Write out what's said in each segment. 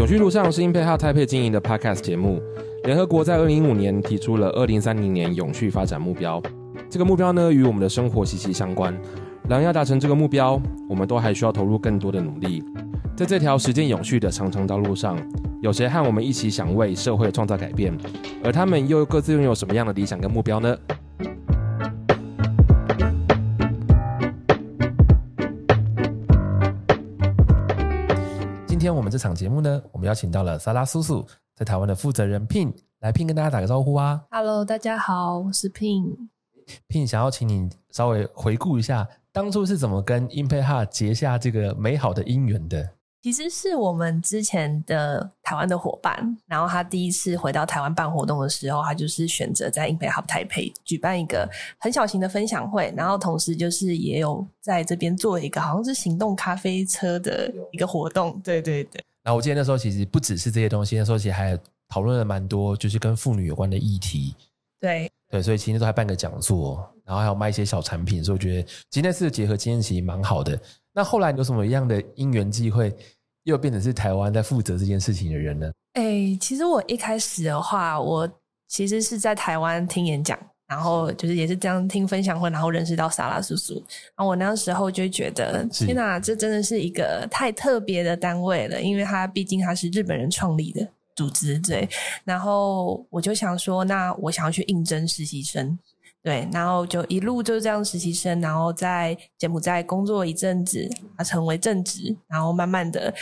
永續路上是 Impact Hub Taipei 經營的 Podcast 節目。聯合國在二零一五年提出了二零三零年永續發展目標，這個目標呢與我們的生活息息相關。然而要達成這個目標，我們都還需要投入更多的努力。在這條實踐永續的長長道路上，有誰和我們一起想為社會創造改變？而他們又各自擁有什麼樣的理想跟目標呢？今天我們這場節目呢，我們邀請到了 SALASUSU 在台灣的負責人 Pin 來 Pin 跟大家打個招呼啊！Hello，大家好，我是 Pin。Pin 想要請你稍微回顧一下當初是怎麼跟 Impact Hub 結下這個美好的姻緣的。其實是我們之前的台灣的夥伴，然後他第一次回到台灣辦活動的時候，他就是選擇在 Impact Hub 台北舉辦一個很小型的分享會，然後同時就是也有在這邊做一個好像是行動咖啡車的一個活動。對對對。然後我記得那時候其實不只是這些東西，那時候其實還討論了蠻多，就是跟婦女有關的議題。對對，所以其實都還辦個講座，然後還有賣一些小產品，所以我覺得今天是結合今天其實蠻好的。那後來有什麼樣的因緣機會，又變成是台灣在負責這件事情的人呢？哎、欸，其實我一開始的話，我其實是在台灣聽演講，然後就是也是這樣聽分享會，然後認識到 SALASUSU。然後我那時候就覺得，天哪、啊，這真的是一個太特別的單位了，因為他畢竟他是日本人創立的組織，對。然後我就想說，那我想要去應徵實習生。對，然後就一路就這樣實習生，然後在柬埔寨工作一陣子，他成為正職，然後慢慢的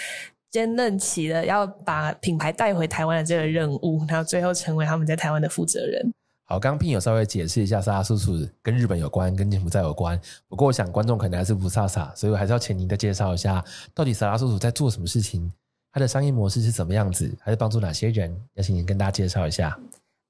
兼任起了要把品牌帶回台灣的這個任務，然後最後成為他們在台灣的負責人。好，剛剛 Pin 有稍微解釋一下，莎莎叔叔跟日本有關，跟柬埔寨有關。不過我想觀眾可能還是不差。莎，所以我還是要請您再介紹一下，到底莎莎叔叔在做什麼事情？他的商業模式是怎麼樣子？還是幫助哪些人？要請您跟大家介紹一下。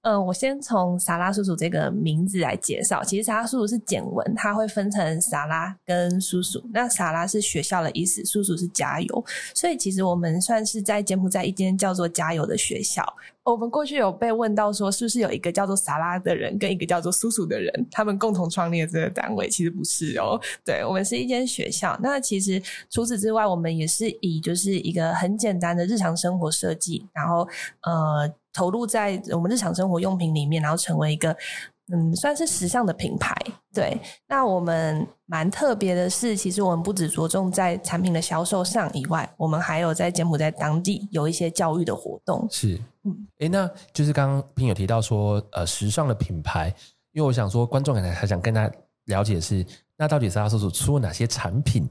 嗯，我先從 “SALASUSU” 這個名字來介紹。其實 “SALASUSU” 是柬文，它會分成 “SALA” 跟 “SUSU”。那 “SALA” 是學校的意思，“SUSU” 是加油。所以其實我們算是在柬埔寨一間叫做“加油”的學校。我們過去有被問到說，是不是有一個叫做 “SALA” 的人跟一個叫做 “SUSU” 的人，他們共同創立這個單位？其實不是哦。對我們是一間學校。那其實除此之外，我們也是以就是一個很簡單的日常生活設計，然後呃。投入在我們日常生活用品裡面，然後成為一個，嗯，算是時尚的品牌。對，那我們蠻特別的是，其實我們不只着重在產品的銷售上以外，我們還有在柬埔寨當地有一些教育的活動。是，嗯，哎、欸，那就是剛剛平有提到說，呃，時尚的品牌，因為我想說，觀眾可能還想跟他了解是，那到底莎莎叔叔出了哪些產品？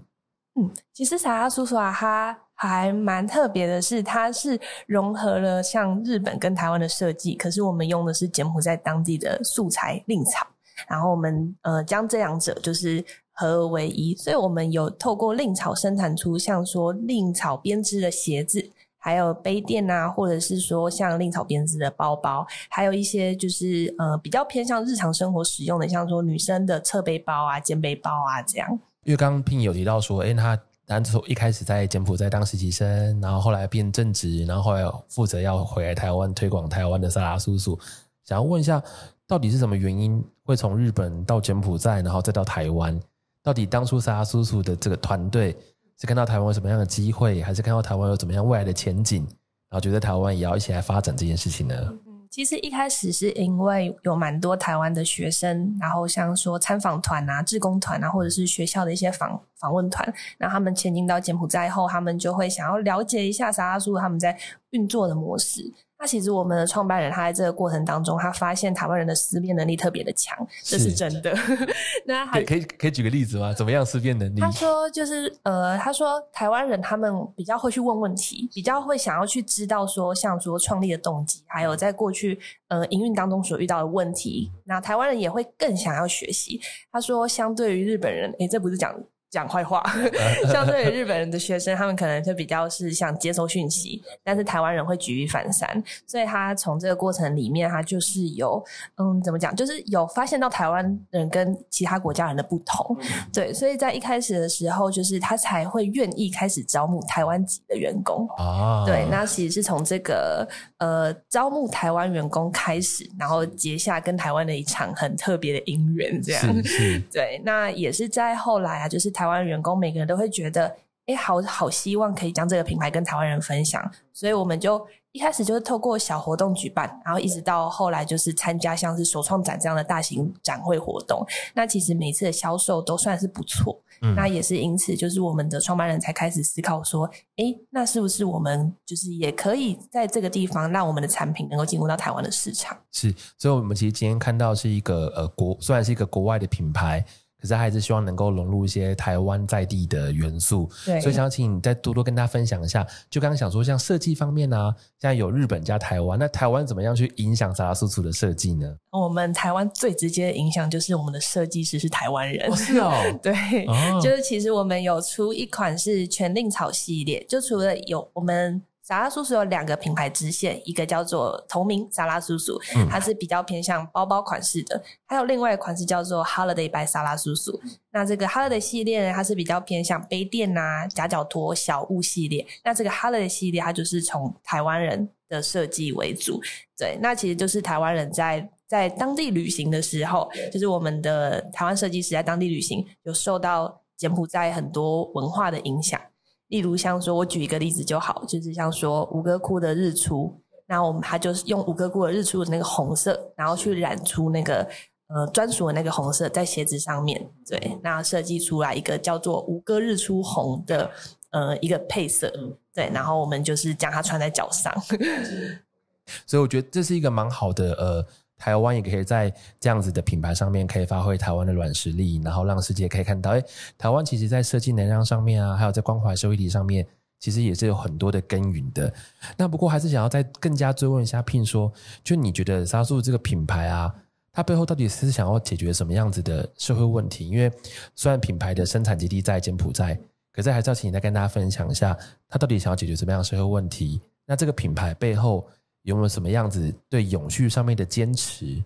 嗯，其實莎莎、啊、叔叔啊哈。還蠻特別的是，它是融合了像日本跟台灣的設計，可是我們用的是柬埔寨當地的素材藺草，然後我們呃將這兩者就是合而為一，所以我們有透過藺草生產出像說藺草編織的鞋子，還有杯墊啊，或者是說像藺草編織的包包，還有一些就是呃比較偏向日常生活使用的，像說女生的側背包啊、肩背包啊這樣。因為剛剛聘有提到說，哎、欸，他。男主一開始在柬埔寨當實習生，然後後來變正職，然後後來負責要回來台灣推廣台灣的沙拉叔叔，想要問一下，到底是什麼原因會從日本到柬埔寨，然後再到台灣？到底當初沙拉叔叔的這個團隊是看到台灣有什麼樣的機會，還是看到台灣有怎麼樣未來的前景，然後覺得台灣也要一起來發展這件事情呢？其實一開始是因為有蠻多台灣的學生，然後像說參訪團啊、志工團啊，或者是學校的一些訪訪問團，然後他們前進到柬埔寨後，他們就會想要了解一下 SALASUSU 他們在運作的模式。那其實我們的創辦人，他在這個過程當中，他發現台灣人的思辨能力特別的強，這是真的。 那還可以可以，可以舉個例子嗎？怎麼樣思辨能力？他說就是呃，他說台灣人他們比較會去問問題，比較會想要去知道說像說創立的動機，還有在過去呃營運當中所遇到的問題。那台灣人也會更想要學習。他說相對於日本人，誒、欸、這不是講。講壞話，相 對於日本人的學生，他們可能就比較是想接收訊息，但是台灣人會舉一反三，所以他從這個過程裡面，他就是有嗯，怎麼講，就是有發現到台灣人跟其他國家人的不同、嗯，對，所以在一開始的時候，就是他才會願意開始招募台灣籍的員工哦、啊。對，那其實是從這個呃招募台灣員工開始，然後結下跟台灣的一場很特別的姻緣，這樣，對，那也是在後來啊，就是。台灣員工每個人都會覺得，哎、欸，好好希望可以將這個品牌跟台灣人分享，所以我們就一開始就是透過小活動舉辦，然後一直到後來就是參加像是首創展這樣的大型展會活動。那其實每次的銷售都算是不錯、嗯，那也是因此就是我們的創辦人才開始思考說，哎、欸，那是不是我們就是也可以在這個地方讓我們的產品能夠進入到台灣的市場？是，所以我們其實今天看到是一個呃國，雖然是一個國外的品牌。可是還是希望能夠融入一些台灣在地的元素，對，所以想請你再多多跟大家分享一下。就剛剛想說，像設計方面啊，現在有日本加台灣，那台灣怎麼樣去影響 SALASUSU 的設計呢？我們台灣最直接的影響就是我們的設計師是台灣人。哦，是哦， 對哦，就是其實我們有出一款是全令草系列，就除了有我們。沙拉叔叔有兩個品牌支線，一個叫做同名沙拉叔叔，嗯，它是比較偏向包包款式的，還有另外一款式叫做 Holiday by 沙拉叔叔，嗯。那這個 Holiday 系列呢，它是比較偏向杯墊吶、啊、夾腳拖、小物系列。那這個 Holiday 系列，它就是從台灣人的設計為主。對，那其實就是台灣人在在當地旅行的時候，就是我們的台灣設計師在當地旅行，有受到柬埔寨很多文化的影響。例如像說，我舉一個例子就好，就是像說吳哥窟的日出，那我們它就是用吳哥窟的日出的那個紅色，然後去染出那個呃專屬的那個紅色，在鞋子上面，對，那設計出來一個叫做吳哥日出紅的呃一個配色、嗯，對，然後我們就是將它穿在腳上。 所以我覺得這是一個蠻好的呃。台灣也可以在這樣子的品牌上面，可以發揮台灣的軟實力，然後讓世界可以看到，哎、欸，台灣其實在設計能量上面啊，還有在關懷社會體上面，其實也是有很多的耕耘的。那不過還是想要再更加追問一下 Pin 說，就你覺得 SALASUSU 這個品牌啊，它背後到底是想要解決什麼樣子的社會問題？因為雖然品牌的生產基地在柬埔寨，可是還是要請你再跟大家分享一下，它到底想要解決什麼樣的社會問題？那這個品牌背後？有沒有什麼樣子對永續上面的堅持？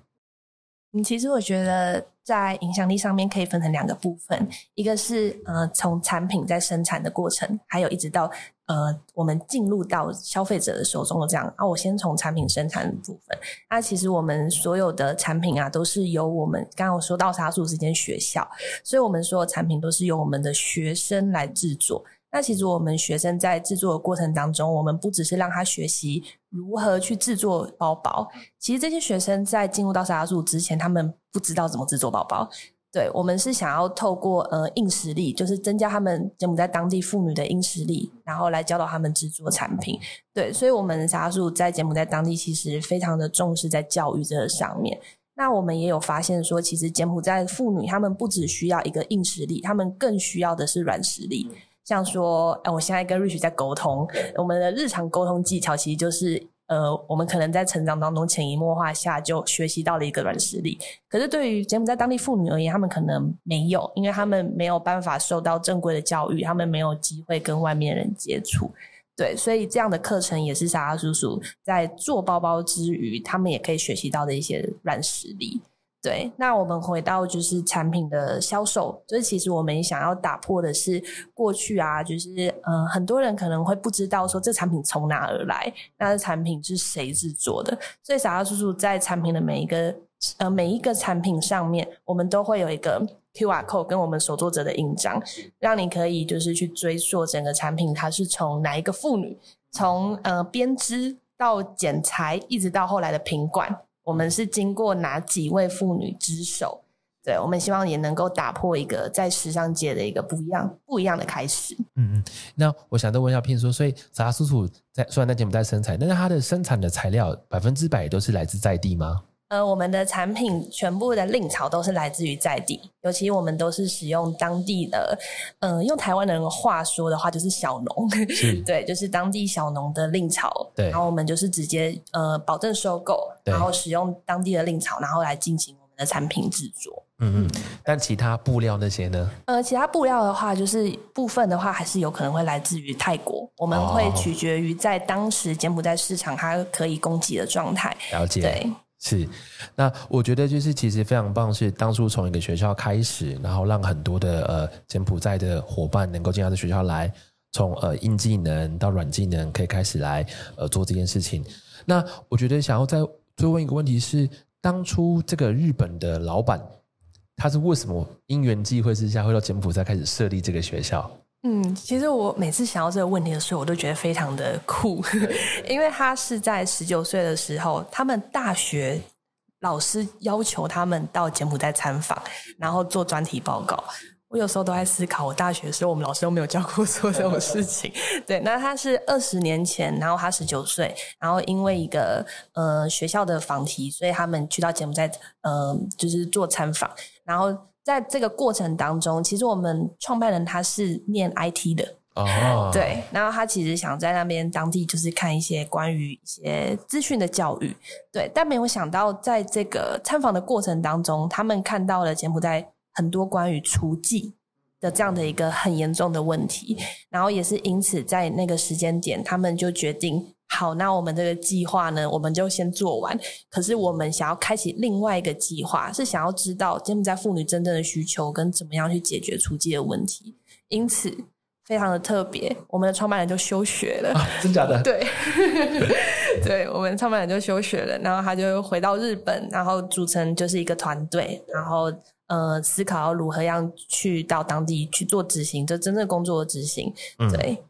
嗯，其實我覺得在影響力上面可以分成兩個部分，一個是呃，從產品在生產的過程，還有一直到呃，我們進入到消費者的手中的這樣。啊，我先從產品生產的部分。那、啊、其實我們所有的產品啊，都是由我們剛剛我說到 SALASUSU 這間學校，所以我們所有產品都是由我們的學生來製作。那其實我們學生在制作的過程當中，我們不只是讓他學習。如何去製作包包？其實這些學生在進入到 SALASUSU 之前，他們不知道怎麼製作包包。對，我們是想要透過呃硬實力，就是增加他們柬埔寨當地婦女的硬實力，然後來教導他們製作產品。對，所以我們 SALASUSU 在柬埔寨當地其實非常的重視在教育這個上面。那我們也有發現說，其實柬埔寨婦女她們不只需要一個硬實力，她們更需要的是軟實力。像說、哎，我現在跟 Rich 在溝通，我們的日常溝通技巧其實就是，呃，我們可能在成長當中潛移默化下就學習到了一個軟實力。可是對於柬埔寨在當地婦女而言，他們可能沒有，因為他們沒有辦法受到正規的教育，他們沒有機會跟外面的人接觸，對，所以這樣的課程也是 SALASUSU 在做包包之餘，他們也可以學習到的一些軟實力。對，那我們回到就是產品的銷售，所、就、以、是、其實我們想要打破的是過去啊，就是嗯、呃，很多人可能會不知道說這產品從哪而來，那這產品是誰制作的？所以 SALASUSU 在產品的每一個呃每一個產品上面，我們都會有一個 QR code 跟我們手作者的印章，讓你可以就是去追溯整個產品它是從哪一個婦女從呃編織到剪裁，一直到後來的品管。我們是經過哪幾位婦女之手？對，我們希望也能夠打破一個在時尚界的一個不一樣，不一樣的開始。嗯嗯，那我想再問一下 Pin 說，所以 SALASUSU 在雖然在柬埔寨生產，但是它的生產的材料百分之百都是來自在地嗎？呃，我們的產品全部的藺草都是來自於在地，尤其我們都是使用當地的，嗯、呃，用台灣人的話說的話，就是小農， 對，就是當地小農的藺草，對，然後我們就是直接呃保證收購，然後使用當地的藺草，然後來進行我們的產品製作。嗯嗯，但其他布料那些呢？呃，其他布料的話，就是部分的話還是有可能會來自於泰國，我們會取決於在當時柬埔寨市場它可以供給的狀態。哦、了解。對。是，那我覺得就是其實非常棒，是當初從一個學校開始，然後讓很多的呃柬埔寨的夥伴能夠進他的學校來，從呃硬技能到軟技能，可以開始來呃做這件事情。那我覺得想要再追問一個問題是，是當初這個日本的老闆他是為什麼因緣際會之下會到柬埔寨開始設立這個學校？嗯，其實我每次想到這個問題的時候，我都覺得非常的酷， 因為他是在十九歲的時候，他們大學老師要求他們到柬埔寨參訪，然後做專題報告。我有時候都在思考，我大學的時候我們老師都沒有教過做這種事情。 對，那他是二十年前，然後他十九歲，然後因為一個呃學校的訪題，所以他們去到柬埔寨，嗯、呃，就是做參訪，然後。在這個過程當中，其實我們創辦人他是念 IT 的，uh -huh. 對，然後他其實想在那邊當地就是看一些關於一些資訊的教育，對，但沒有想到在這個參訪的過程當中，他們看到了柬埔寨很多關於雛妓的這樣的一個很嚴重的問題，然後也是因此在那個時間點，他們就決定。好，那我們這個計劃呢，我們就先做完。可是我們想要開啟另外一個計劃，是想要知道柬埔寨婦女真正的需求跟怎麼樣去解決初級的問題。因此，非常的特別，我們的創辦人就休學了，啊、真假的？對， 對， 對我們創辦人就休學了，然後他就回到日本，然後組成就是一個團隊，然後呃，思考如何樣去到當地去做執行，這真正工作的執行，對。嗯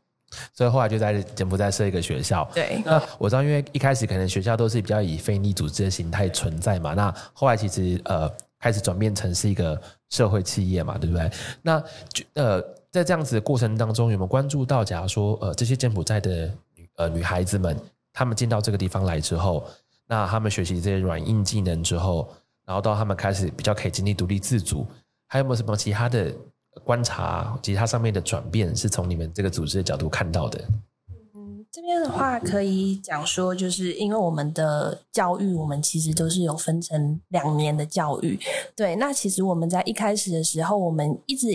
所以後來就在柬埔寨設一個學校。對，那我知道，因為一開始可能學校都是比較以非營利組織的形態存在嘛。那後來其實呃開始轉變成是一個社會企業嘛，對不對？那就呃在這樣子的過程當中，有沒有關注到，假如說呃這些柬埔寨的女呃女孩子們，她們進到這個地方來之後，那她們學習這些軟硬技能之後，然後到她們開始比較可以經濟獨立自主，還有沒有什麼其他的？觀察其他上面的轉變，是從你們這個組織的角度看到的？嗯，這邊的話可以講說，就是因為我們的教育，我們其實都是有分成兩年的教育對。對，那其實我們在一開始的時候，我們一直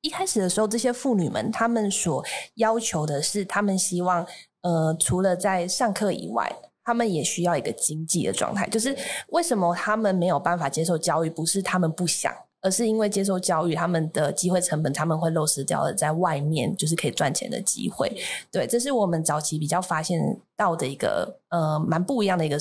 一開始的時候，這些婦女們他們所要求的是，他們希望呃，除了在上課以外，他們也需要一個經濟的狀態。就是為什麼他們沒有辦法接受教育？不是他們不想。而是因為接受教育，他們的機會成本，他們會漏失掉了在外面就是可以賺錢的機會。對，這是我們早期比較發現到的一個呃，蠻不一樣的一個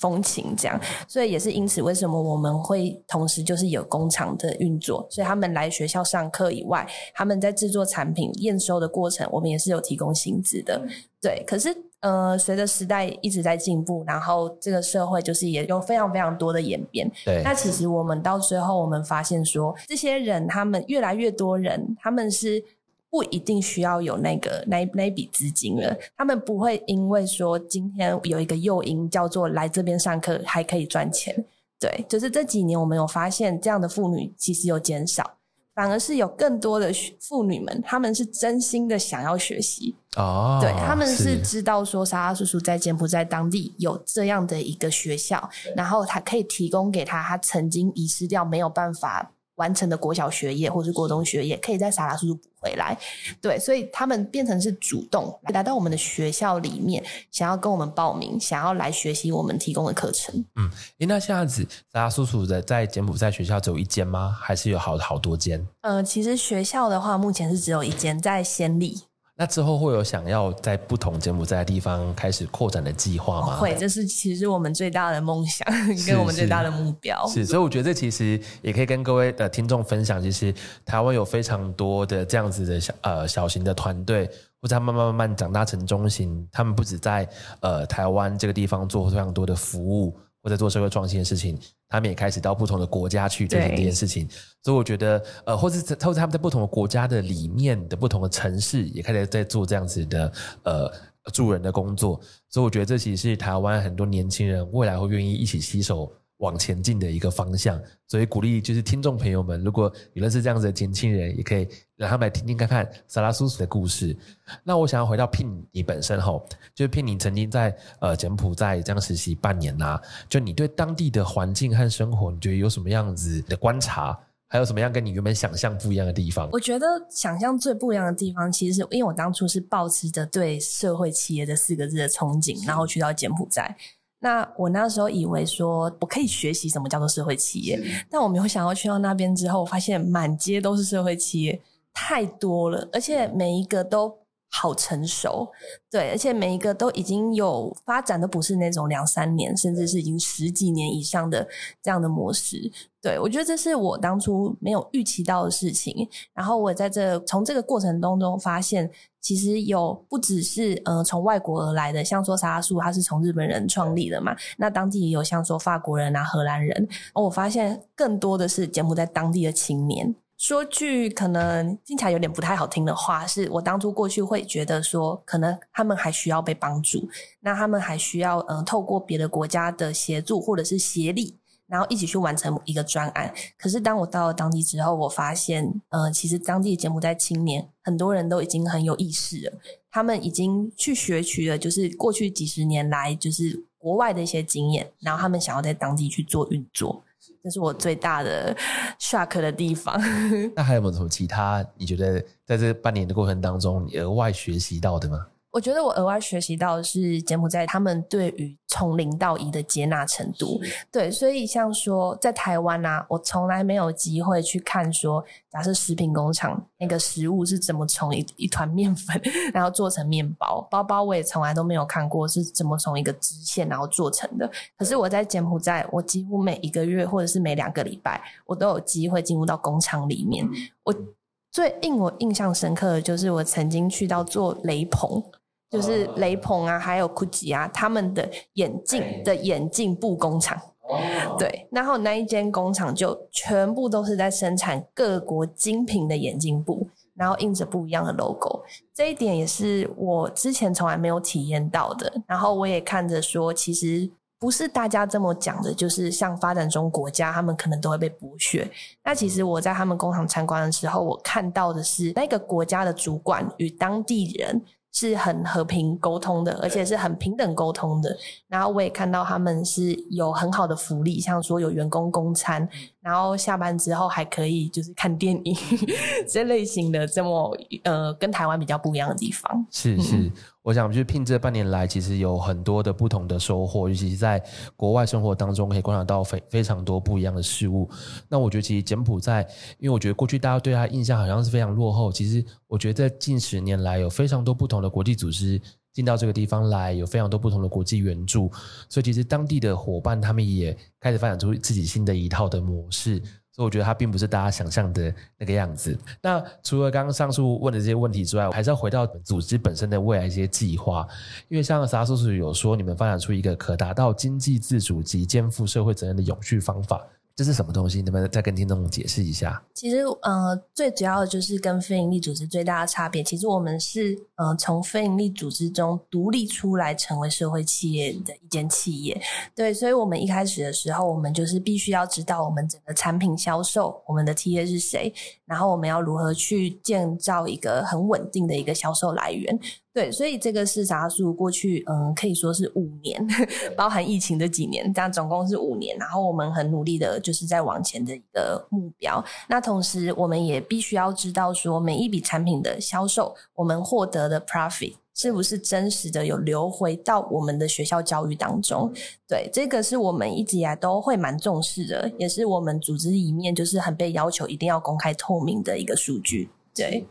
風情，這樣。所以也是因此，為什麼我們會同時就是有工廠的運作？所以他們來學校上課以外，他們在制作產品驗收的過程，我們也是有提供薪資的。嗯、對，可是。呃，隨着時代一直在進步，然後這個社會就是也有非常非常多的演變。對，那其實我們到最後，我們發現說，這些人他們越來越多人，他們是不一定需要有那個那那筆資金了。嗯，他們不會因為說今天有一個誘因叫做來這邊上課還可以賺錢。對，就是這幾年我們有發現，這樣的婦女其實有減少。反而是有更多的婦女們，他們是真心的想要學習哦，oh, 對，他們是知道說 SALASUSU 在柬埔寨當地有這樣的一個學校，然後他可以提供給他他曾經遺失掉沒有辦法。完成的國小學業或是國中學業，可以在沙拉叔叔補回來。對，所以他們變成是主動來到我們的學校裡面，想要跟我們報名，想要來學習我們提供的課程。嗯、欸，那這樣子，沙拉叔叔的在柬埔寨學校只有一間嗎？還是有好好多間？嗯、呃，其實學校的話，目前是只有一間在暹粒。那之後會有想要在不同柬埔寨的地方開始擴展的計劃嗎哦、會對，這是其實我們最大的夢想，跟我們最大的目標是。是，所以我覺得這其實也可以跟各位的、呃、聽眾分享。其實台灣有非常多的這樣子的小、呃、小型的團隊，或者他們慢慢慢慢長大成中型，他們不止在呃、台灣這個地方做非常多的服務，或者做社會創新的事情，他們也開始到不同的國家去做這件事情，所以我覺得，呃，或是或是他們在不同的國家的裡面的不同的城市，也開始在做這樣子的呃助人的工作，所以我覺得這其實是台灣很多年輕人未來會願意一起攜手。往前進的一個方向，所以鼓勵就是聽眾朋友們，如果你認識這樣子的年輕人，也可以讓他們來聽聽看看薩拉蘇蘇的故事。那我想要回到聘你本身吼，就是聘你曾經在呃柬埔寨這樣實習半年啦、啊，就你對當地的環境和生活，你覺得有什麼樣子的觀察？還有什麼樣跟你原本想象不一樣的地方？我覺得想象最不一樣的地方，其實是因為我當初是抱持着對社會企業這四個字的憧憬，然後去到柬埔寨。那我那時候以為說，我可以學習什麼叫做社會企業，但我沒有想到去到那邊之後，我發現滿街都是社會企業，太多了，而且每一個都。好成熟，對，而且每一個都已經有發展的，不是那種兩三年，甚至是已經十幾年以上的這樣的模式。對，我覺得這是我當初沒有預期到的事情。然後我在這個、從這個過程當中發現，其實有不只是呃從外國而來的，像說 SALASUSU，它是從日本人創立的嘛，那當地也有像說法國人啊、荷蘭人。我發現更多的是柬埔寨當地的青年。說句可能聽起來有點不太好聽的話，是我當初過去會覺得說，可能他們還需要被幫助，那他們還需要嗯、呃，透過別的國家的協助或者是協力，然後一起去完成一個專案。可是當我到了當地之後，我發現，嗯、呃，其實當地的柬埔寨青年，很多人都已經很有意識了，他們已經去學取了，就是過去幾十年來，就是國外的一些經驗，然後他們想要在當地去做運作。這是我最大的 shock 的地方 那還有沒有什麼其他？你覺得在這半年的過程當中，你額外學習到的嗎？我覺得我額外學習到的是柬埔寨他們對於從零到一的接納程度，對，所以像說在台灣啊，我從來沒有機會去看說，假設食品工廠那個食物是怎麼從一一團面粉然後做成麵包，包包我也從來都沒有看過是怎麼從一個織線然後做成的。可是我在柬埔寨，我幾乎每一個月或者是每兩個禮拜，我都有機會進入到工廠裡面。我最印我印象深刻的，就是我曾經去到做雷鵬就是雷朋啊，還有酷奇啊，他們的眼鏡、欸、的眼鏡布工廠，對，然後那一間工廠就全部都是在生產各國精品的眼鏡布，然後印着不一樣的 logo，這一點也是我之前從來沒有體驗到的。然後我也看着說，其實不是大家這麼講的，就是像發展中國家，他們可能都會被剝削。那其實我在他們工廠參觀的時候，我看到的是那個國家的主管與當地人。是很和平溝通的，而且是很平等溝通的。然後我也看到他們是有很好的福利，像說有員工工餐，然後下班之後還可以就是看電影 這類型的這麼呃，跟台灣比較不一樣的地方。是是。嗯我想，就是 Pin 這半年來，其實有很多的不同的收穫，尤其是在國外生活當中，可以觀察到非非常多不一樣的事物。那我覺得，其實柬埔寨，因為我覺得過去大家對它印象好像是非常落後，其實我覺得在近十年來，有非常多不同的國際組織進到這個地方來，有非常多不同的國際援助，所以其實當地的伙伴他們也開始發展出自己新的一套的模式。我覺得它並不是大家想象的那個樣子。那除了剛剛上述問的這些問題之外，我還是要回到組織本身的未來一些計劃。因為像 SALASUSU 有說，你們發展出一個可達到經濟自主及肩負社會責任的永續方法。這是什麼東西？能不能再跟聽眾解釋一下？其實，呃，最主要的就是跟非營利組織最大的差別。其實我們是，呃，從非營利組織中獨立出來，成為社會企業的一間企業。對，所以，我們一開始的時候，我們就是必須要知道我們整個產品銷售，我們的企業是誰，然後我們要如何去建造一個很穩定的一個銷售來源。對，所以這個是啥數？過去嗯，可以說是五年，包含疫情的幾年，這樣總共是五年。然後我們很努力的，就是在往前的一個目標。那同時，我們也必須要知道，說每一筆產品的銷售，我們獲得的 profit 是不是真實的有流回到我們的學校教育當中？對，這個是我們一直以來都會蠻重視的，也是我們組織裡面就是很被要求一定要公開透明的一個數據。對。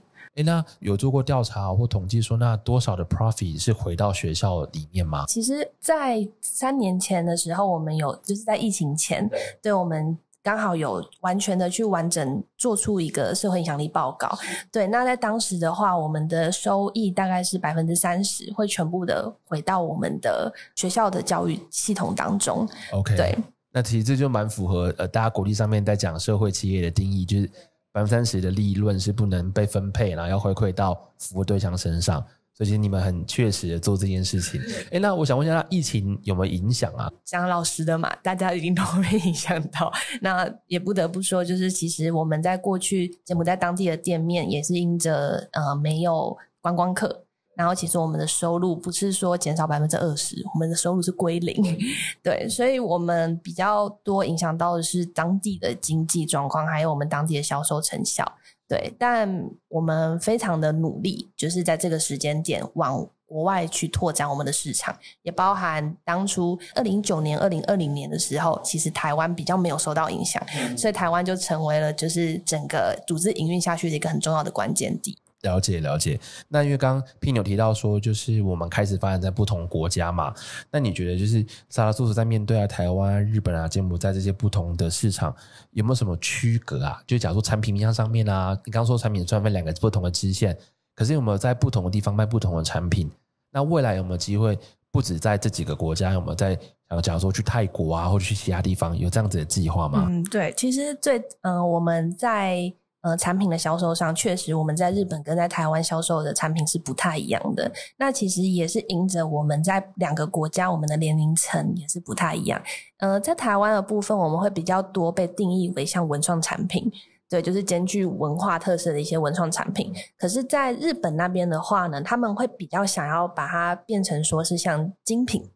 那有做過調查或統計說，那多少的 profit 是回到學校裡面嗎？其實，在三年前的時候，我們有就是在疫情前，對,對我們剛好有完全的去完整做出一個社會影響力報告。對，那在當時的話，我們的收益大概是百分之三十，會全部的回到我們的學校的教育系統當中。OK，對，那其實這就蠻符合呃，大家國際上面在講社會企業的定義，就是。百分之三十的利潤是不能被分配，然後要回饋到服務對象身上。所以，其實你們很確實的做這件事情。哎， 那我想問一下，那疫情有沒有影響啊？講老實的嘛，大家一定都會被影響到。那也不得不說，就是其實我們在過去，柬埔寨當地的店面也是因着呃，沒有觀光客。然後，其實我們的收入不是說減少百分之二十，我們的收入是歸零。對，所以我們比較多影響到的是當地的經濟狀況，還有我們當地的銷售成效。對，但我們非常的努力，就是在這個時間點往國外去拓展我們的市場，也包含當初二零一九年、二零二零年的時候，其實台灣比較沒有受到影響，所以台灣就成為了就是整個組織營運下去的一個很重要的關鍵點。了解了解，那因為剛剛 P 牛提到說，就是我們開始發展在不同國家嘛，那你覺得就是薩拉叔叔在面對啊台灣、日本啊、柬埔寨這些不同的市場，有沒有什麼區隔啊？就假如說產品面向上面啊，你剛說產品上為兩個不同的支線，可是有沒有在不同的地方賣不同的產品？那未來有沒有機會不止在這幾個國家？有沒有在假如說去泰國啊，或者去其他地方有這樣子的計劃嗎？嗯，對，其實最嗯、呃，我們在。呃，產品的銷售上確實，我們在日本跟在台灣銷售的產品是不太一樣的。那其實也是因著我們在兩個國家，我們的年齡層也是不太一樣。呃，在台灣的部分，我們會比較多被定義為像文創產品，對，就是兼具文化特色的一些文創產品。可是，在日本那邊的話呢，他們會比較想要把它變成說是像精品。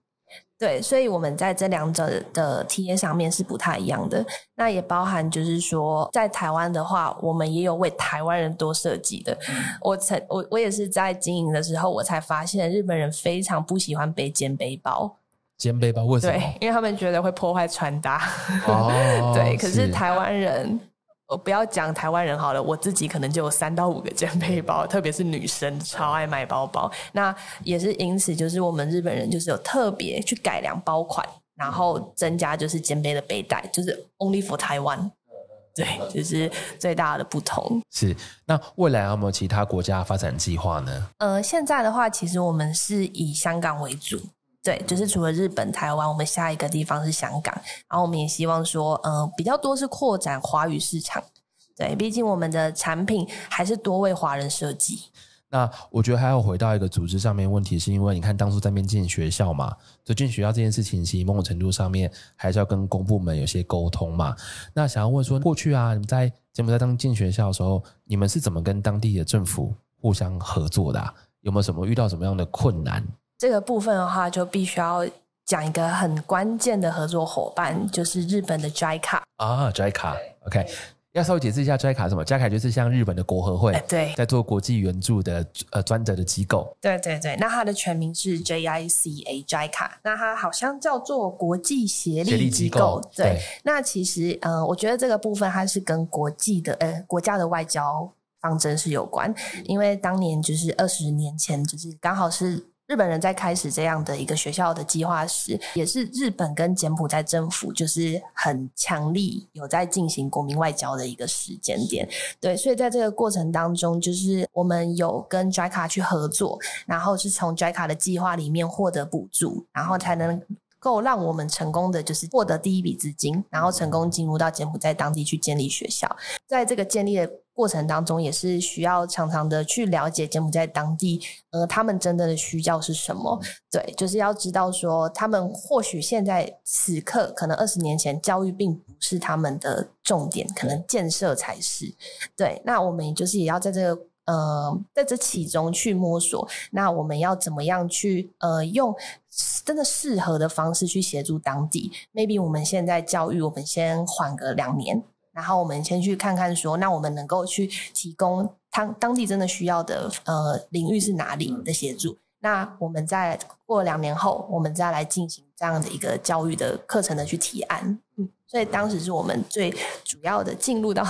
對，所以我們在這兩者的體驗上面是不太一樣的。那也包含就是說，在台灣的話，我們也有為台灣人多設計的。我、嗯、曾，我我,我也是在經營的時候，我才發現日本人非常不喜歡背肩背包，肩背包為什麼？對，因為他們覺得會破壞穿搭。哦、 對、哦，可是,是台灣人。不要講台灣人好了，我自己可能就有三到五個肩背包，特別是女生超愛買包包。那也是因此，就是我們日本人就是有特別去改良包款，然後增加就是肩背的背帶，就是 only for 台灣。對，就是最大的不同。是那未來有沒有其他國家發展計劃呢？呃，現在的話，其實我們是以香港為主。對，就是除了日本、台灣，我們下一個地方是香港，然後我們也希望說，嗯、呃，比較多是擴展華語市場。對，畢竟我們的產品還是多為華人設計。那我覺得還要回到一個組織上面問題，是因為你看當初在那邊進學校嘛，就進學校這件事情，其實某種程度上面還是要跟公部門有些溝通嘛。那想要問說，過去啊，你們在柬埔寨當進學校的時候，你們是怎麼跟當地的政府互相合作的啊？有沒有什麼遇到什麼樣的困難？這個部分的話，就必須要講一個很關鍵的合作夥伴，就是日本的 JICA 啊，JICA OK，要稍微解釋一下 JICA 什麼？JICA 就是像日本的國合會，對，在做國際援助的呃,呃專責的機構。對對對，那它的全名是 JICA，JICA，JICA, 那它好像叫做國際協力機構。機構對,對，那其實呃，我覺得這個部分它是跟國際的呃國家的外交方針是有關，嗯、因為當年就是二十年前，就是剛好是。日本人在開始這樣的一個學校的計劃時，也是日本跟柬埔寨政府就是很強力有在進行國民外交的一個時間點。對，所以在這個過程當中，就是我們有跟 JICA 去合作，然後是從 JICA 的計劃裡面獲得補助，然後才能夠讓我們成功的，就是獲得第一筆資金，然後成功進入到柬埔寨當地去建立學校，在這個建立的過程當中也是需要常常的去了解柬埔寨當地，呃，他們真的需要是什麼？對，就是要知道說，他們或許現在此刻，可能二十年前教育並不是他們的重點，可能建設才是。對，那我們就是也要在這個呃在這其中去摸索，那我們要怎麼樣去呃用真的適合的方式去協助當地？Maybe 我們現在教育，我們先緩個兩年。然後我們先去看看說，說那我們能夠去提供當當地真的需要的呃領域是哪裡的協助。那我們再過兩年後，我們再來進行這樣的一個教育的課程的去提案。所以當時是我們最主要的進入到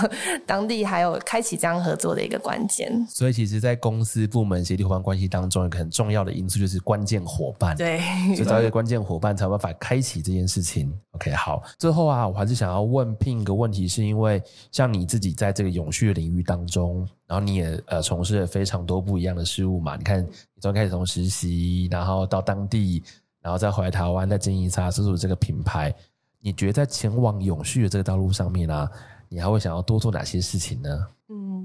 當地，還有開啟這樣合作的一個關鍵。所以其實，在公司部門協力夥伴關係當中，一個很重要的因素就是關鍵夥伴。對，所以找一個關鍵夥伴才有辦法開啟這件事情。OK，好。最後啊，我還是想要問 Pin 一個問題，是因為像你自己在這個永續的領域當中，然後你也呃從事了非常多不一樣的事物嘛，你看，你從開始從實習，然後到當地，然後再回來台灣，在經營莎莎這個品牌。你覺得在前往永續的這個道路上面呢、啊，你還會想要多做哪些事情呢？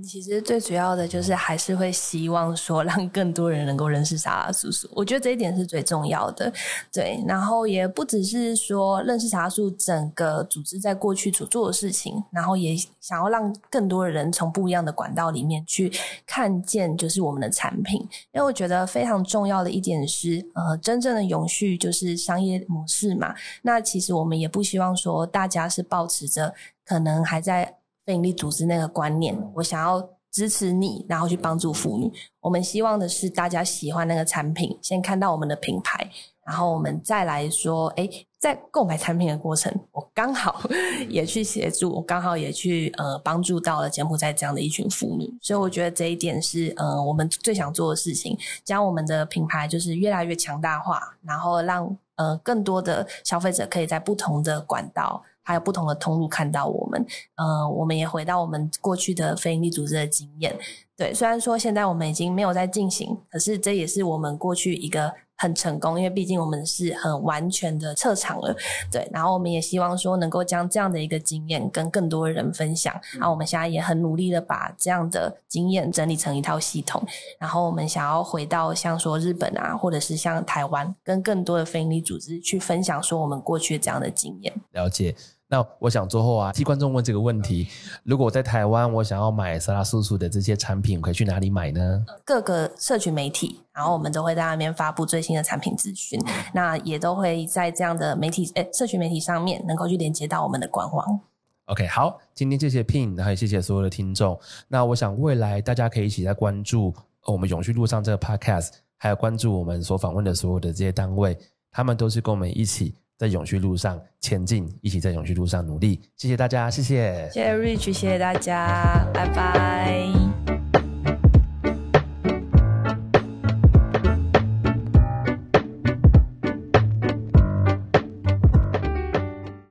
其實最主要的就是還是會希望說，讓更多人能夠認識 SALASUSU。我覺得這一點是最重要的。對，然後也不只是說認識 SALASUSU 整個組織在過去所做的事情，然後也想要讓更多人從不一樣的管道裡面去看見，就是我們的產品。因為我覺得非常重要的一點是，呃，真正的永續就是商業模式嘛。那其實我們也不希望說大家是抱持着可能還在盈利組織那個觀念，我想要支持你，然後去幫助婦女。我們希望的是大家喜歡那個產品，先看到我們的品牌，然後我們再來說，哎，在購買產品的過程，我剛好也去協助，我剛好也去呃幫助到了柬埔寨這樣的一群婦女。所以我覺得這一點是嗯、呃，我們最想做的事情，將我們的品牌就是越來越強大化，然後讓呃更多的消費者可以在不同的管道。還有不同的通路看到我們，呃，我們也回到我們過去的非營利組織的經驗。對，雖然說現在我們已經沒有在進行，可是這也是我們過去一個很成功，因為畢竟我們是很完全的撤場了。對，然後我們也希望說能夠將這樣的一個經驗跟更多的人分享。那我們現在也很努力的把這樣的經驗整理成一套系統。然後我們想要回到像說日本啊，或者是像台灣，跟更多的非營利組織去分享說我們過去的這樣的經驗。了解。那我想最後啊，替觀眾問這個問題：如果我在台灣，我想要買 SALASUSU 的這些產品，我可以去哪裡買呢？各個社群媒體，然後我們都會在那邊發布最新的產品資訊，嗯。那也都會在這樣的媒體，哎、欸，社群媒體上面能夠去連接到我們的官網。OK，好，今天謝謝 Pin，然後也謝謝所有的聽眾。那我想未來大家可以一起在關注我們永續路上這個 Podcast，還有關注我們所訪問的所有的這些單位，他們都是跟我們一起在永續路上前進，一起在永續路上努力。謝謝大家，謝謝，謝謝 Rich，謝謝大家，拜拜。